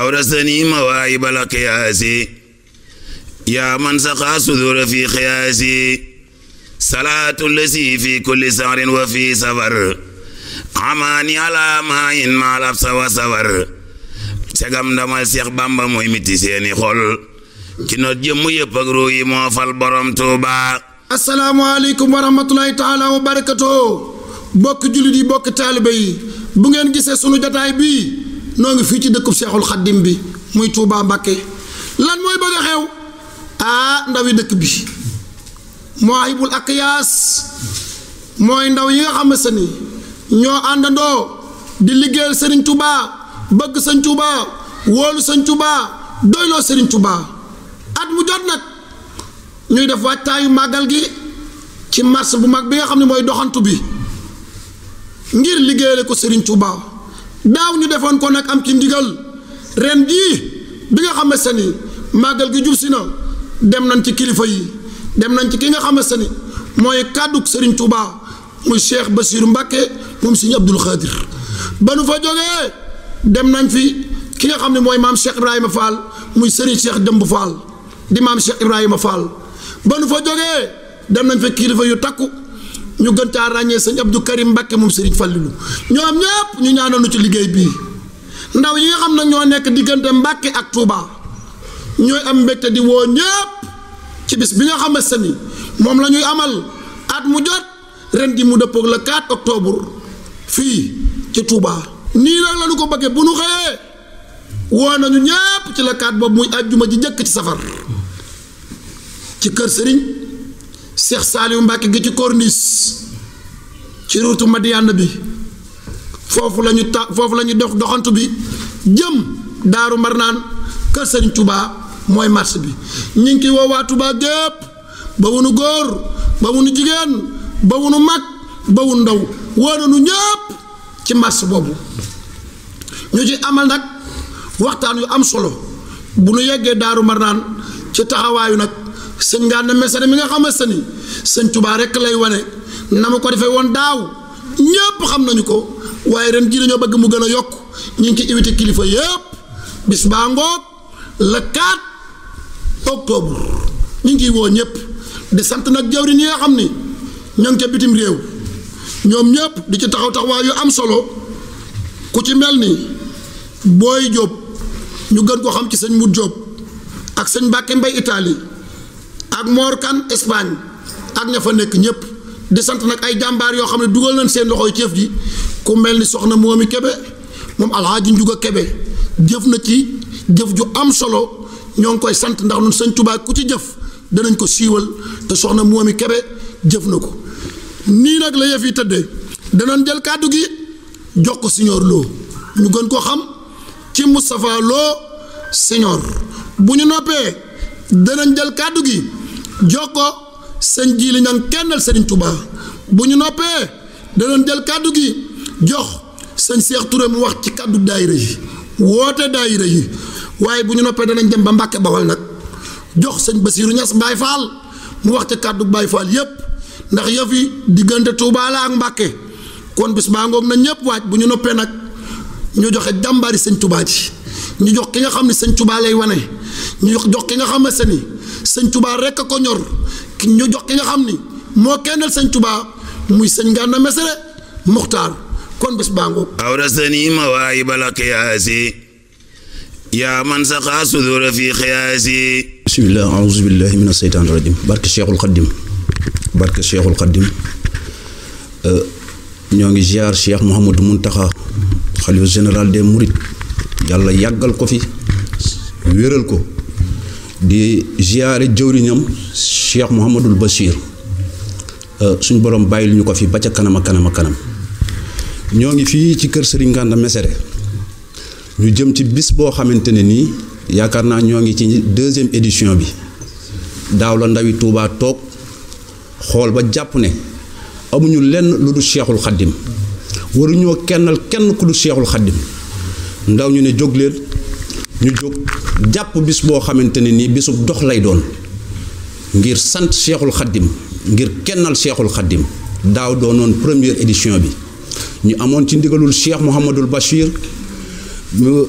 أورثني مواهب القياس يا من سقى صدور في قياسي صلاة الذي في كل سهر وفي سفر amaani ala maayin maal ab sawa sawar segam ndamal Seex Bamba mooy miti seeni xol ci not jëmmu yëpp moo fal borom Tuuba asalaamaaleykum wa rahmatulahi taala wa barakatoo bokk jullit yi bokk taalibe yi bu ngeen noo fii ci dëkkub seexul xaddim bi muy Touba Mbàkke lan mooy bëgg xew ah ndaw dëkk bi mawahibul yaas mooy ndaw yi nga xam ne se ni ñoo àndandoo di liggéeyal sëriñ tubaa bëgg sëñ tubaa wóolu sëñ tubaa doyloo sëriñ tubaa at mu jot nag ñuy def waajtaayu màggal gi ci mars bu mag bi nga xam ne mooy doxantu bi ngir liggéeyale ko sëriñ tubaa daaw ñu defoon ko nag am ci ndigal ren jii bi nga xam ne nii màggal gi jub si na dem nañ ci kilifa yi dem nañ ci ki nga xamante ne mooy kàddu Serigne Touba muy Cheikh Bassirou Mbacké moom Serigne Abdoul Khadir ba nu fa jógee dem nañ fi ki nga xam ne mooy maam Cheikh Ibrahima Fall muy Serigne Cheikh Jëmb Fall di maam Cheikh Ibrahima Fall ba nu fa jógee dem nañ fi kilifa yu takku. ñu gën caa ràññee sëñ Abdou Karim Mbacke moom Serigne Fallilou ñoom ñëpp ñu ñaanoonu ci liggéey bii ndaw yi nga xam ne ñoo nekk diggante Mbacke ak Touba ñooy am mbégte di woo ñëpp ci bis bi nga xam ne sëni moom la ñuy amal at mu jot ren ji mu dëppoog la 4 octobre fii ci Touba. nii nag la ñu ko bëggee bu nu xëyee woo nañu ñëpp ci la 4 boobu muy ajjuma ji njëkk ci safar ci kër sëriñ Cheikh Saliou Mbacke gi ci corniche ci ruutu Madiane bi foofu la ta foofu la ñu dox doxantu bi jëm Daaru Marnaan kër Sëriñ Touba mooy marché bi ñu ngi ciy woo waa Touba gépp ba wunu góor ba wunu jigéen ba wunu mag ba wunu ndaw woo nu ñëpp ci marché boobu ñu ci amal nag waxtaan yu am solo bu nu yeggee Daaru Marnaan ci taxawaayu nag. sëñ Gana Messere mi nga xamante ni sëñ Touba rek lay wane na ma ko defee woon daaw ñëpp xam nañu ko waaye ren jii lañoo bëgg mu gën a yokk ñu ngi ci invité kilifa yëpp bis baa ngoog le 4 octobre ñu ngi ciy woo ñëpp di nag jawri ñi nga xam ni ñoo ngi ca bitim réew ñoom ñëpp di ci taxaw taxawaay yu am solo ku ci mel ni booy Jóob ñu gën koo xam ci sëñ Mut Jóob ak sëñ Mbàkke Mbay Italie ak Mor Kan Espagne ak ña fa nekk ñëpp di sant nag ay jàmbaar yoo xam ne dugal nañ seen loxooy ceef ji ku mel ni soxna Moomi Kebe moom alxaaji Njuga Kebe jëf na ci jëf ju am solo ñoo ngi koy sant ndax ñun sëñ Tuubaa ku ci jëf danañ ko siiwal te soxna Moomi Kebe jëf na ko nii nag la yëf yi tëddee danañ jël kàddu gi jox ko siñoor Lo ñu gën koo xam ci Moustapha Lo siñoor bu ñu noppee danañ jël kàddu gi. jokko sëñ jii li ñang kennal sëriñ Touba bu ñu noppee danoon jël kàddu gi jox sëñ Seex ture mu wax ci kàddu daayira yi woote daayira yi waaye bu ñu noppee danañ dem ba Mbàkke Bawal nag jox sëñ Basiiru Ñas Baay Faal mu wax ci kàddu Baay Faal yépp ndax yëf diggante Touba la ak Mbàkke kon bis baa ngoom nañ ñëpp waaj bu ñu noppee nag ñu joxe jàmbaari sëñ tubaa ji ñu jox ki nga xam ne sëñ Touba lay wane ñu jox ki nga xam ne sëñ Touba rek ko ñor ki ñu jox ki nga xam ni moo kennal sañ Touba muy sëñ Gana Messere Muxtaar kon bés baango awrasani mawaayib al qiyaasi yaa man saqa sudura fi qiyaasi bismillah auzu billahi min aseytaan rajim barke cheikhul xaddim barke cheikhul xaddim euh, ñoo ngi ziar cheikh Mouhamadou Mountakha xalifa général des mourides yàlla yàggal ko fi wéral ko di ziyaare jëwriñam Cheikh Mouhamadul Bachir euh, suñ borom bàyyil ñu ko fi ba ca kanam a kanam a kanam ñoo ngi fii ci kër Serigne Nganda Mesere ñu jëm ci bis boo xamante ne nii yaakaar naa ñoo ngi ci deuxième édition bi daaw la ndawi tuubaa toog xool ba jàpp ne amuñu lenn lu du Cheikhul Xaddim waruñoo kennal kenn ku du Cheikhul Xaddim ndaw ñu ne jóg ñu jóg jàpp bis boo xamante ne nii bisub dox lay doon ngir sant Cheikhul xaddim ngir kennal Cheikhul xaddim daaw doonoon première édition bi ñu amoon ci ndigalul Cheikh Mouhamadul Bachir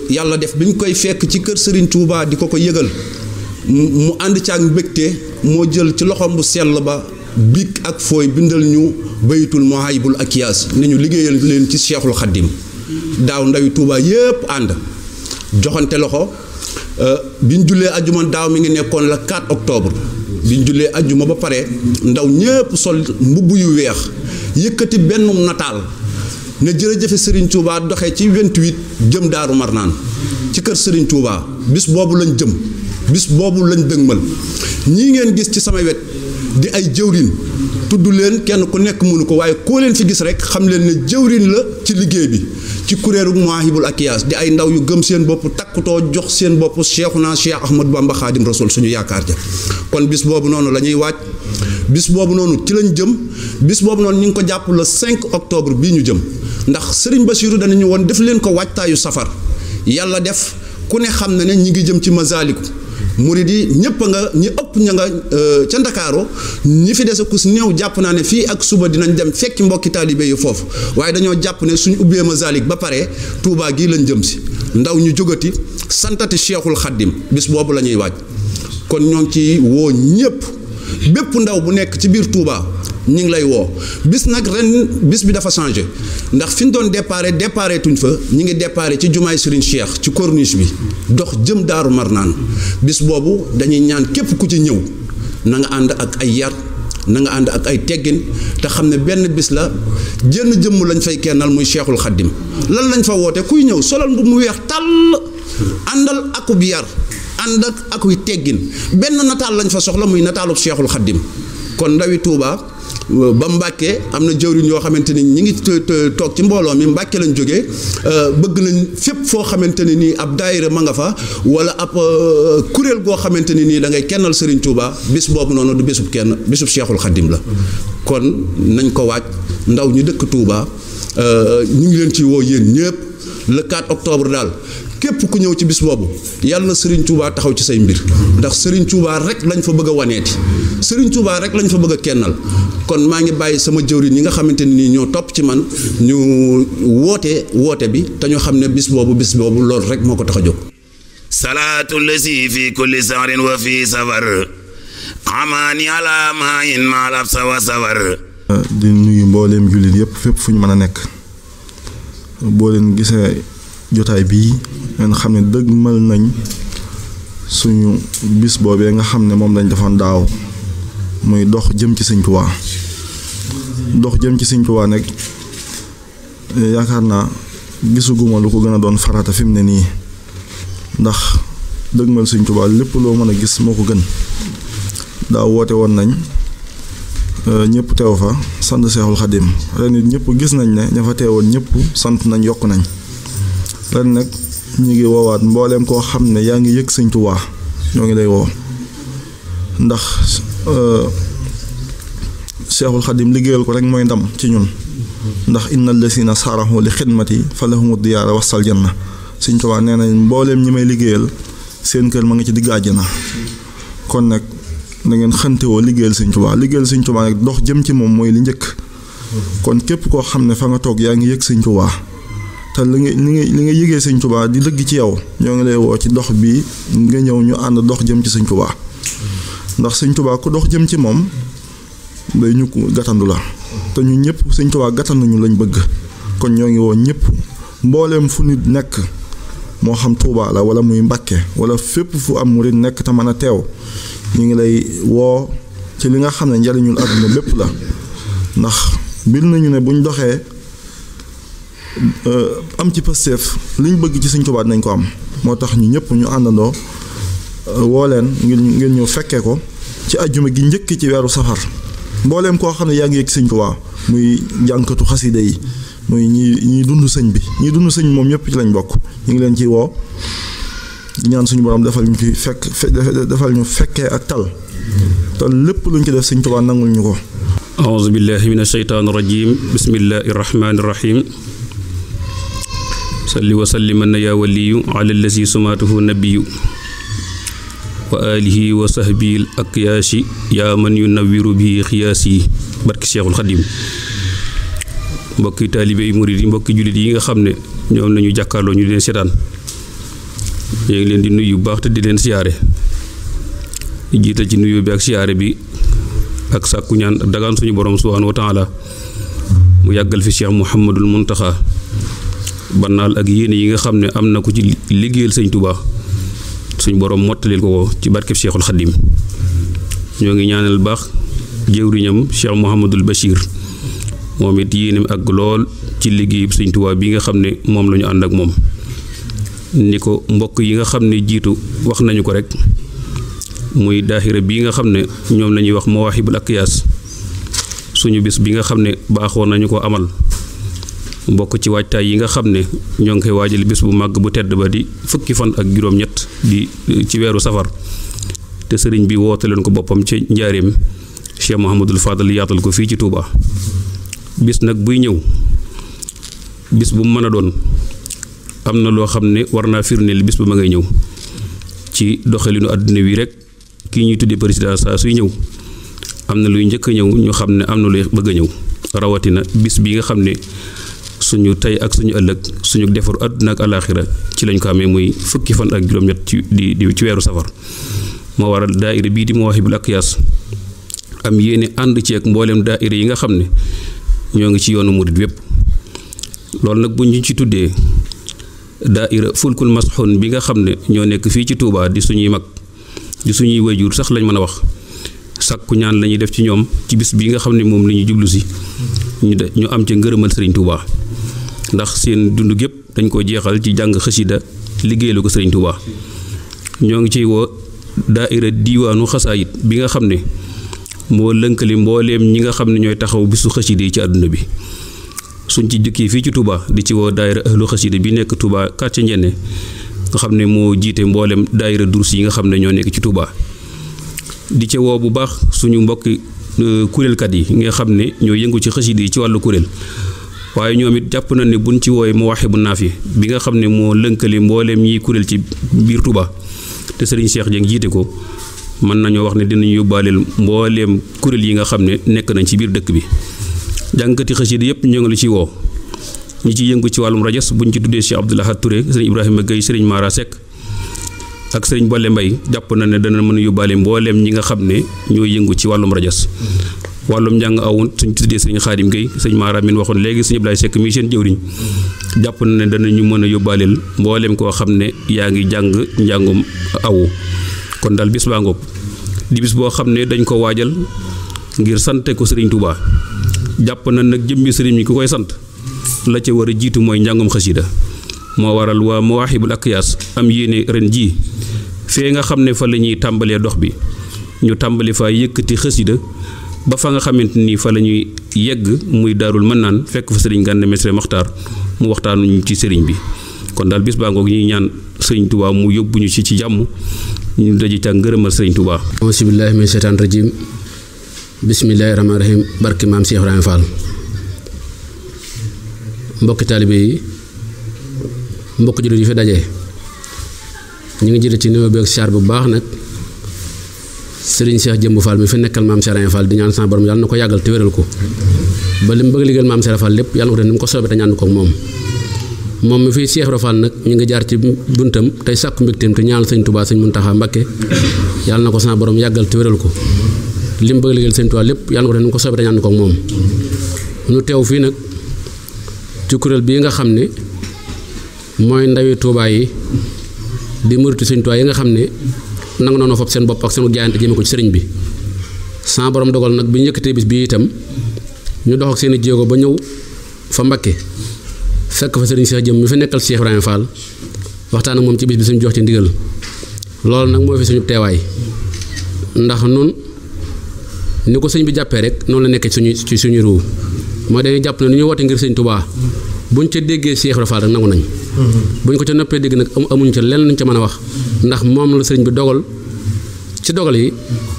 yàlla def bi ñu koy fekk ci kër Serigne Touba di ko ko yëgal mu ànd ci ak mbégte moo jël ci loxoom bu sell ba bik ak fooy bindal ñu baytul bul akiyaas ne ñu liggéeyal leen ci Cheikhul Khadim daaw ndawi Touba yépp ànd joxante loxo euh, bi ñu jullee ajjuma daaw mi ngi nekkoon la 4 octobre bi ñu jullee ajjuma ba pare ndaw ñépp sol mbubb yu weex yëkkati benn nataal ne jërëjëfe Serigne Touba doxe ci 28 jëm Daaru Marnaan ci kër sëriñ Touba bis boobu lañ jëm bis boobu lañ dëgmal ñi ngeen gis ci sama wet di ay jëwriñ tudd leen kenn ku nekk mënu ko waaye koo leen fi gis rek xam leen ne jëwriñ la ci liggéey bi ci kuréelu Mawahibou Akyas di ay ndaw yu gëm seen bopp takkutoo jox seen bopp Cheikhouna Cheikh Ahmadou Bamba Khadim Rasoul suñu yaakaar ja kon bis boobu noonu la ñuy waaj bis boobu noonu ci lañ jëm bis boobu noonu ñu ngi ko jàpp le 5 octobre bii ñu jëm ndax Serigne dana danañu woon def leen ko waajtaayu safar yàlla def ku ne xam na ne ñi ngi jëm ci Masaliku murid yi ñëpp nga ñi ëpp ña nga euh, ca ndakaaru ñi fi des kus néew jàpp naa ne fii ak suba dinañ dem fekki mbokki taalibe yi foofu waaye dañoo jàpp ne suñ ubbee Masalik ba pare Touba gii lañ jëm si ndaw ñu jógati santati Cheikhul Khadim bis boobu la ñuy waaj kon ñoo ngi ci woo ñëpp bépp ndaw bu nekk ci biir tuubaa ñi ngi lay woo bis nag ren bis bi dafa changé ndax fi ñu doon déparé déparé fa ñi ngi déparé ci jumaay Serigne Cheikh ci korniis bi dox jëm daaru Marnaan bis boobu dañuy ñaan képp ku ci ñëw nanga ànd ak ay yar nanga ànd ak ay teggin te xam ne benn bis la jënn jëmm lañ fay kennal muy Cheikhul xaddim lan lañ fa woote kuy ñëw solal mbubb mu weex tàll àndal akub yar ànd ak akuy teggin benn nataal lañ fa soxla muy nataalu Cheikhul Khadim kon ndawi Touba. ba Mbàkke am na jëwriñ yoo xamante ni ñi ngi toog ci mbooloo mi Mbàkke lañ jógee euh, bëgg nañ fépp foo xamante ne nii ab daayira ma nga fa wala ab euh, kuréel goo xamante ne nii da ngay kennal Serigne Touba bis boobu noonu du bésub kenn bésub Cheikhul Khadim la kon nañ ko waaj ndaw ñu dëkk Touba euh, ñu ngi leen ci woo yéen ñëpp le 4 octobre daal képp ku ñëw ci bis boobu yàlla na Serigne Touba taxaw ci say mbir ndax Serigne Touba rek lañ fa bëgg a waneeti Serigne Touba rek lañ fa bëgg a kennal kon maa ngi bàyyi sama jëwriñ ñi nga xamante ni ñoo topp ci man ñu woote woote bi te ñu xam ne bis boobu bis boobu loolu rek moo ko tax a jóg. salaatu lasi fi kulli sahrin wa fi safar amaani ala maayin maalab sawa sawar. Ah, di nuyu mbooleem jullit yëpp fépp fu ñu mën a nekk boo leen gisee. jotaay bii ngeen xam ne dëgg mal nañ suñu bis boobee nga xam ne moom lañ defoon daaw muy dox jëm ci Sëñ dox jëm ci Sëñ Tuubaa nag yaakaar naa gisuguma lu ko gën a doon faraata fi mu ne nii ndax dëgmal Sëñ Tuubaa lépp loo mën a gis moo ko gën daaw woote woon nañ euh, ñëpp teew fa sant Seexul Xadim ren it ñëpp gis nañ ne ña fa teewoon ñëpp sant nañ yokk nañ ren nag ñu ngi woowaat mbooleem koo xam ne yaa ngi yëg sëñ Tuubaa ñoo ngi lay woo ndax euh, Seexul Xadim liggéeyal ko rek mooy ndam ci ñun ndax innal lazina saarahu li xidmati fa lahumu diyaara wasal na sëñ Tuubaa nee na mbooleem ñi may liggéeyal seen kër ma ngi ci digg na kon nag nangeen xante woo liggéeyal sëñ Tuubaa liggéeyal sëñ Tuubaa nag dox jëm ci moom mooy li njëkk kon képp koo xam ne fa nga toog yaa ngi yëg sëñ Tuubaa te li nga li nga li nga yëgee sëñ Tuubaa di dëgg ci yow ñoo ngi lay woo ci dox bi nga ñëw ñu ànd dox jëm ci sëñ Tuubaa ndax sëñ Tuubaa ku dox jëm ci moom day ñu gàttandu la te ñu ñëpp sëñ Tuubaa gàttandu ñu lañu bëgg kon ñoo ngi woo ñëpp mbooleem fu nit nekk moo xam Tuubaa la wala muy Mbàkke wala fépp fu am mu murit nekk te mën a teew ñu ngi lay woo ci li nga xam ne njariñul àdduna bépp la ndax bir nañu ne buñ doxee Euh, am ci Pastef li bëgg ci Sëñ Tuubaa nañ ko am moo tax ñu ñëpp ñu àndandoo euh, woo leen ngir ngir ñu fekkee ko ci ajjuma gi njëkk ci weeru safar mbooleem koo xam ne yaa ngi yëg Sëñ Tuubaa muy jànkatu xasida yi muy ñuy dund sëñ bi ñuy dund sëñ moom ñëpp ci lañ bokk ñu ngi leen ci woo ñaan suñu borom defal ñu ci fekk ñu fekkee ak tal te lépp luñ ci def Sëñ Tuubaa nangul ñu ko. auzu billaahi mina shaytaani rajiim bismillaahi rahmaani rahiim. salli wa salliman yaa waliyu ala allazi sumaatuhu nabiyu wa alihi wa sahbihi akyaasi yaa man yu nawiru bi xiyaas yi barki Seexul Xadim mbokki taalibe yi yi mbokki jullit yi nga xam ne ñoom nañu jàkkaarloo ñu leen seetaan ñu ngi leen di nuyu baax te di leen siyaare jiital ci nuyu bi ak siyaare bi ak sàkku ñaan ak dagaan suñu borom subhaanahu wa taala mu yàggal fi Cheikh Muhammadul Muntaxa ba naal ak yéene yi nga xam ne am na ko ci liggéeyal sëñ Tuubaa suñ boroom mottalil ko ko ci barkeb Cheikhul Xadim ñoo ngi ñaanal baax jëwriñam Cheikh Mouhamadul Bachir moom it yéenem ak lool ci liggéeyub sëñ Tuubaa bi nga xam ne moom lañu ànd ak moom ni ko mbokk yi nga xam ne jiitu wax nañu ko rek muy daaxira bi nga xam ne ñoom la ñuy wax Mawahibul Akyaas suñu bis bi nga xam ne baaxoo nañu ko amal bokk ci waajtaay yi nga xam ne ñoo ngi koy waajal bis bu màgg bu tedd ba di fukki fan ak juróom-ñett di eh, ci weeru safar te sëriñ bi woote leen ko boppam ci njaareem Cheikh Mouhamadul Fadal yaatal ko fii ci Touba bis nag buy ñëw bis bu mën a doon am na loo xam ne war naa firndeel bis bu ma ngay ñëw ci doxalinu àddina wi rek kii ñuy tuddee président saa suy ñëw am na luy njëkk a ñëw ñu xam ne am na luy bëgg a ñëw rawatina bis bi nga xam ne. suñu tey ak suñu ëllëg suñu defaru àdduna ak alaaxira ci lañ ko amee muy fukki fan ak juróom-ñett ci di ci weeru safar moo waral daaira bii di Mawahibou Akyas am yéene ànd ci mboolem daa daaira yi nga xam ne ñoo ngi ci yoonu murit wépp loolu nag bu ñu ci tuddee daa daaira fulkul masxun bi nga xam ne ñoo nekk fii ci tuubaa di suñuy mag di suñuy jur sax lañ mën a wax sàkku ñaan la ñuy def ci ñoom ci bis bi nga xam ni moom la ñuy jublu si ñu am ca ngërëmal Sëriñ Touba. ndax seen dund gépp dañ ko jeexal ci jàng xasida liggéeyalu ko sëriñ Tuubaa ñoo ngi ciy woo daa daaira diiwaanu xasaayit bi nga xam ne moo lënkali mbooleem ñi nga xam ne ñooy taxaw bisu xasida yi ci àdduna bi suñ ci jukki fii ci tubaa di ci woo daayira ahlu xasida bi nekk tubaa quartier Njenne nga xam ne moo jiite mboolem daayira durs yi nga xam ne ñoo nekk ci Touba di ci woo bu baax suñu mbokki euh, kuréelkat yi nga xam ne ñoo yëngu ci xasida yi ci wàllu kuréel waaye ñoom it jàpp na ne buñ ci wooye mu waxe bu naaf yi bi nga xam ne moo lënkali mbooleem ñiy kuréel ci biir Touba te sëriñ Cheikh Dieng jiite ko mën nañoo wax ne dinañ yóbbaaleel mbooleem kuréel yi nga xam ne nekk nañ ci biir dëkk bi jàngkati xasida yëpp ñoo ngi la ci woo ñi ci yëngu ci wàllum rajas buñ ci tuddee Cheikh Abdou Lahad Touré sëriñ Ibrahima Gueye sëriñ Mara Seck ak sëriñ boole mbay jàpp na ne dana mën a yóbbaale mbooleem ñi nga xam ne ñoo yëngu ci wàllum rajas wàllum njàng awoon suñ tuddee sëñ Xaadim Gueye sëñ Mara min waxoon léegi sëñ Ablaye Seck mii seen jëwriñ jàpp na ne danañu mën a yóbbaaleel mbooleem koo xam ne yaa ngi jàng njàngum awu kon daal bis baa ngoog di bis boo xam ne dañ ko waajal ngir sante ko sëriñ Touba jàpp na nag jëmmi sëriñ mi ku koy sant la ca war a jiitu mooy njàngum xasida moo waral waa Mawahibul Akyaas am yéene ren jii fee nga xam ne fa la ñuy tàmbalee dox bi ñu tàmbali faa yëkkati xasida ba fa nga xamante ni fa la ñuy yegg muy darul man naan fekk fa sëriñ Gana Messere Maxtaar mu waxtaanuñu ci sëriñ bi kon daal bis baa ngoog ñaan sëriñ Touba mu ñu ci ci jàmm ñu daje ca ngërëmal sëriñ Touba. auzu billaahi mina sheytaani rajiim bismillaahi rahmaani rahiim barki maam Cheikh Ibrahima Fall mbokki taalibe yi mbokki jullit yi fi daje ñu ngi jëlee ci néew bi ak char bu baax nag. sëriñ seex Jëmb Fall mi fi nekkal maam Serigne Fall di ñaan sama borom yàlla na ko yàggal te wéral ko ba li mu bëgg liggéeyal maam Serigne Fall lépp yàlla na ko def ni mu ko soobee te ñaan ko moom moom mi fii Cheikh Ibra nag ñu ngi jaar ci buntam tey sàkku mbégteem te ñaanal sëñ Touba sëñ Muntaxa Mbàkke yàlla na ko sama borom yàggal te wéral ko li mu bëgg liggéeyal lépp yàlla na ko ko soobee te ko moom ñu teew fii nag ci kuréel bii nga xam ne mooy ndawi Touba yi di muritu sëñ Touba yi nga xam ne nangu noonu fab seen bopp ak seen jaayante jëme ko ci sëriñ bi sans borom dogal nag bi ñu yëkkatee bis bi itam ñu dox ak seen i jéego ba ñëw fa Mbakke fekk fa sëriñ Cheikh Jëm mu fa nekkal Cheikh Ibrahima Fall waxtaan moom ci bis bi suñu jox ci ndigal loolu nag mooy fi suñu teewaay ndax nun ni ko sëñ bi jàppee rek noonu la nekkee ci suñu ci suñu ruu mooy dañuy jàpp ne nu ñu woote ngir sëñ Touba buñ ca déggee Cheikh Ibrahima Fall rek nangu nañ Mm-hmm. bu ñu ko ca noppee dégg nag amuñ ca lenn luñ ca mën a wax ndax moom la sëriñ bi dogal ci dogal yi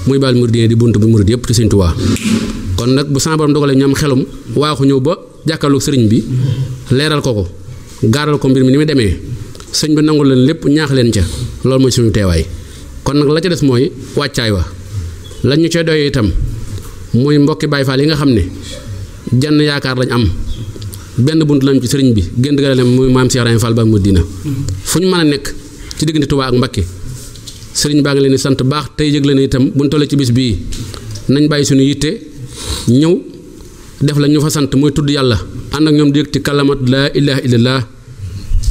muy baal muridiyee di bunt bu murid yëpp ci sëriñ Tuubaa kon nag bu sama borom dogalee ñoom xelum waaxu ñëw ba jàkkaarloog sëriñ bi leeral ko ko gaaral ko mbir mi ni mu demee sëñ bi nangu leen lépp ñaax leen ca loolu mooy suñu teewaay kon nag la ca des mooy wàccaay wa lañ ñu ca doyee itam muy mbokki Baay Faal yi nga xam ne jenn yaakaar lañ am benn bunt lañ ci sëriñ bi génn ga lem muy maam Cheikh Ibrahima Fall ba mu dina fu ñu mën a nekk ci diggante Touba ak Mbacké sëriñ baa ngi leen di sant baax tey yëg leen itam bu ñu bis bii nañ bàyyi suñu yitte ñëw def la ñu fa sant mooy tudd yàlla ànd ak ñoom di yëg ci kalamat laa ilaha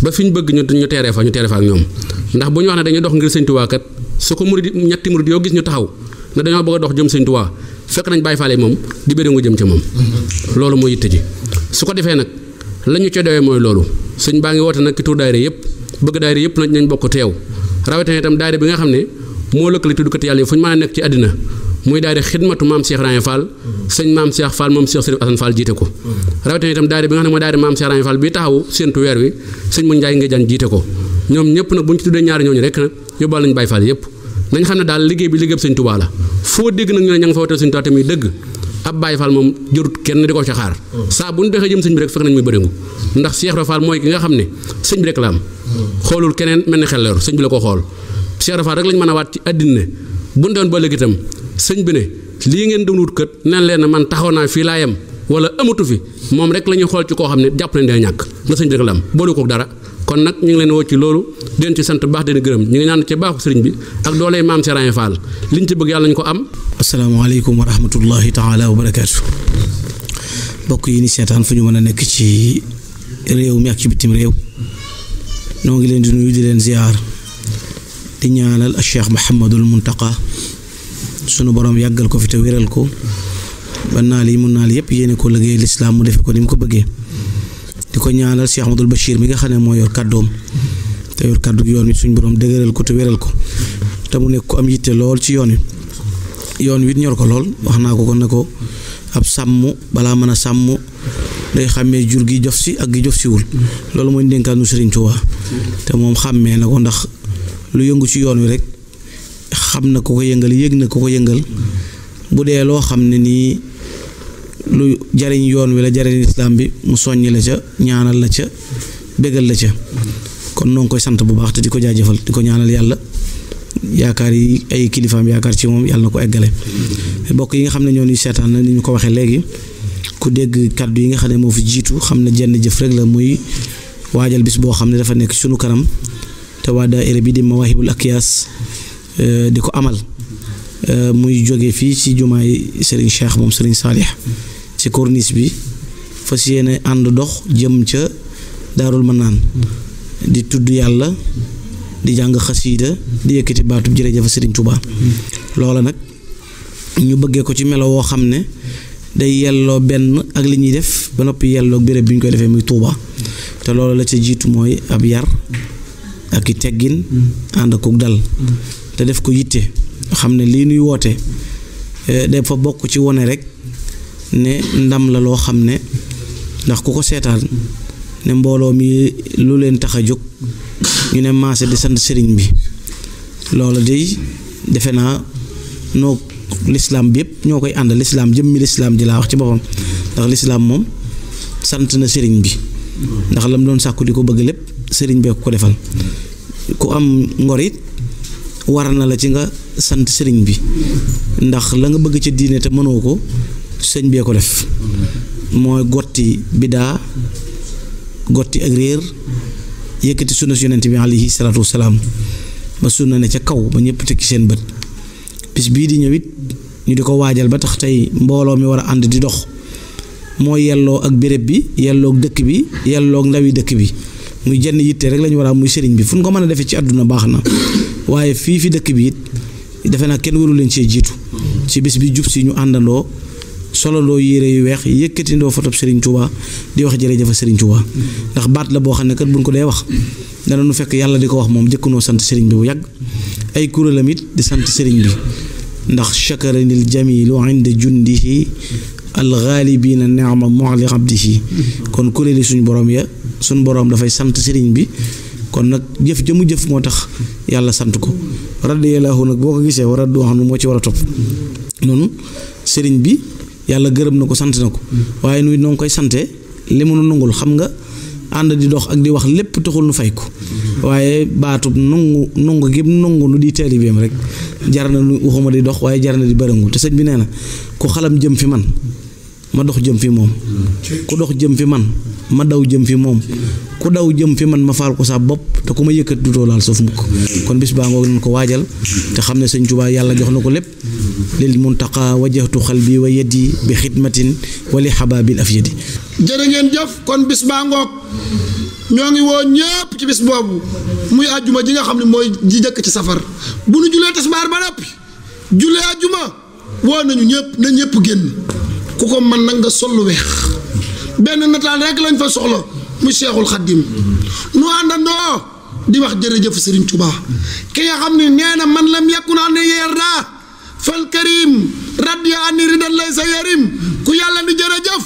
ba fi ñu bëgg ñu ñu teeree fa ñu teeree fa ak ñoom ndax bu ñu wax ne dañuy dox ngir sëñ Tuubaa kat su ko murid ñetti murid yoo gis ñu taxaw ne dañoo bëgg a dox jëm sëñ Tuubaa fekk nañ bàyyi faale moom di bëri nga jëm ci moom mm-hmm. loolu mooy yitte ji su ko defee nag la ñu ca doyee mooy loolu sëñ baa ngi woote nag ki tur daayira yëpp bëgg daayira yëpp nañ bokk teew rawatina itam daayira bi xam ne moo lëkkale tuddkat yàlla yi fu ñu mën a nekk muy daayira xidmatu maam Cheikh Rangé Fall sëñ maam Cheikh Fall moom Cheikh Sëriñ Assane ko rawatina itam daayira bi nga xam ne ko ñoom ñëpp bu ñu ci tuddee ñaari ñooñu rek nag yóbbaal nañu Baay Fall yëpp nañ xam ne daal liggéey bi liggéey bi sëñ Tuubaa la foo dégg nag ñu ne ña fa wooteel sëñ Tuubaa tamit dëgg ab Baye Fall moom jërut kenn di ko ca xaar saa bu ñu doxee jëm sëñ bi rek fekk nañ muy bëringu ndax Cheikh Ibra mooy ki nga xam ne sëñ bi rek la am xoolul keneen mel ni xelleeru sëñ bi la ko xool Cheikh Ibra Fall rek lañ mën a waat ci àddina ne bu ñu doon ba léegi itam sëñ bi ne lii ngeen doon wut kët nen leen man taxaw naa fii laa yem wala amatu fi moom rek la ñuy xool ci koo xam ne jàpp nañ dina ñàkk la sëñ bi rek la am boolu ko dara kon nag ñu ngi leen woo ci loolu den sant baax den gërëm ñu ngi ñaan ci baaxu sëriñ bi ak dooley maam Serigne Fall liñ ci bëgg yàlla ñu ko am asalaamaaleykum wa rahmatullahi taala wa barakaatu mbokk yi ni seetaan fu ñu mën a nekk ci réew mi ak ci bitim réew noo ngi leen di nuyu di leen ziar di ñaanal Cheikh Mouhamadul Muntaqa sunu borom yàggal ko fi te wéral ko ba naal yi mun naal yëpp yéene ko liggéey lislaam mu defe ko ni mu ko bëggee di ko ñaanal Cheikh Ahmadul Bachir mi nga xam ne moo yor kàddoom te yor kàddu yoon wi suñ borom dëgëral ko te wéral ko te mu nekk ku am yitte lool ci yoon wi ñor ko lool wax naa ko kon ne ko ab sàmm balaa mën a sàmm day xàmmee jur gi jof si ak jof siwul loolu mooy ndénkaanu Sëriñ Tuubaa te moom xàmmee na ko ndax lu yëngu ci yoon wi rek xam na ko ko yëngal yëg na ko ko yëngal bu dee loo xam ne nii lu jariñ yoon wi la jariñ islaam bi mu soññ la ca ñaanal la ca bégal la ca kon noo ngi koy sant bu baax te di ko jaajëfal di ko ñaanal yàlla yaakaar yi ay kilifaam yaakaar ci moom yàlla na ko eggale bokk yi nga xam ne ñoo ñuy seetaan na ni ñu ko waxee léegi ku dégg kàddu yi nga xam ne moo fi jiitu xam ne jenn jëf rek la muy waajal bis boo xam ne dafa nekk sunu kanam te waa daayira bi di Mawahibou Akyaas eh, di ko amal eh, muy jóge fii ci jumaay Serigne Cheikh moom Serigne Saalih ci corniche bi fas yéene ànd dox jëm ca daarul manaan di tudd yàlla di jàng xasiida di yëkkati baatub fa Sëriñ Tuubaa loola nag ñu bëggee ko ci melo woo xam ne day yelloo benn ak li ñuy def ba noppi yelloo béréb bi ñu koy defee muy Tuubaa te loolu la ca jiitu mooy ab yar ak i teggin ànd akuk dal te def ko yitte xam ne lii nuy woote eh, dafa bokk ci wone rek ne ndam la loo xam ne ndax ku ko seetaan ne mbooloo mi lu leen tax a jóg ñu ne maase di sant sëriñ bi loola day defe naa noo lislaam bi yëpp ñoo koy ànd lislaam jëmmi lislaam ji laa wax ci boppam ndax lislaam moom sant na sëriñ bi ndax lam doon sàkku di ko bëgg lépp sëriñ bee ko defal ku am ngorit waral na la ci nga sant sëriñ bi ndax la nga bëgg ci diine te mënoo ko sëñ bee ko def mooy gotti bidaa gotti ak réer yëkkati sunna su yonent bi alayhi salaatu wasalaam ba sunna ne ca kaw ba ñëpp tekki seen bët bis bii di ñëw it ñu di ko waajal ba tax tey mbooloo mi war a ànd di dox mooy yelloo ak bërëb bi yelloog dëkk bi yelloog ndawi dëkk bi muy jenn yitte rek lañu war a muy sëriñ bi fu ñu ko mën a defe ci àdduna baax na waaye fii fi dëkk bi it defe naa kenn warul leen cee jiitu ci bis bi jub ñu àndandoo solondoo yére yu weex yëkkatindoo fotob Serigne Touba di wax jërëjëf sëriñ Touba ndax baat la boo xam ne bu buñ ko dee wax dana nu fekk yàlla di ko wax moom jëkkunoo sant Serigne bi bu yàgg ay kuréelam it di sant Serigne bi ndax chakaranil jamilu inda jundihi alxaalibina neama moxli abdihi kon kuréeli suñ borom ya suñ borom dafay sant Serigne bi kon nag jëf jëmu jëf moo tax yàlla sant ko radd yàllaahu nag boo ko gisee war a xam ne moo ci war a topp noonu Serigne bi. yàlla gërëm na ko sant na ko waaye nuy noo koy sante li mu nu nungul xam nga ànd di dox ak di wax lépp taxul nu fay ko waaye baatu nungu nungu gi nungu nu di taalibeem rek jar na nu waxuma di dox waaye jar na di bërëngu te sëñ bi nee na ku xalam jëm fi man ma dox jëm fi moom ku dox jëm fi man ma daw jëm fi moom ku daw jëm fi man ma faal ko sa bopp te ku ma yëkkat dutoo laal suuf mukk kon bis baa ngoog nañ ko waajal te xam ne sëñ Tuubaa yàlla jox na ko lépp lil muntaqa xal bi wa yadi bi xidmatin wa li xabaabil afyadi jërë ngeen jëf kon bis baa ngoog ñoo ngi woo ñëpp ci bis boobu muy àjjuma ji nga xam ne mooy ji jëkk ci safar bu nu julee tisbaar ba noppi julee àjjuma woo nañu ñëpp na ñëpp génn ku ko mën nag nga sol lu weex benn nataal rek lañ fa soxla mu Seexul Xaddim nu àndandoo di wax jërëjëf Serigne Touba ki nga xam ne nee na man lam yàkku naa ne yeer daa fal karim radio anni ridan lay yarim ku yàlla ni jërëjëf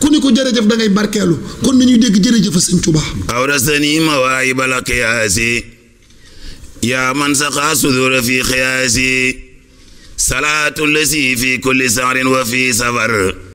ku ni ko jërëjëf da ngay barkeelu kon nañuy dégg jërëjëf Serigne Touba awrasani mawaayibal qiyaasi yaa man saxaa sudura fi qiyaasi salaatu lazi fi kulli sahrin wa fi safar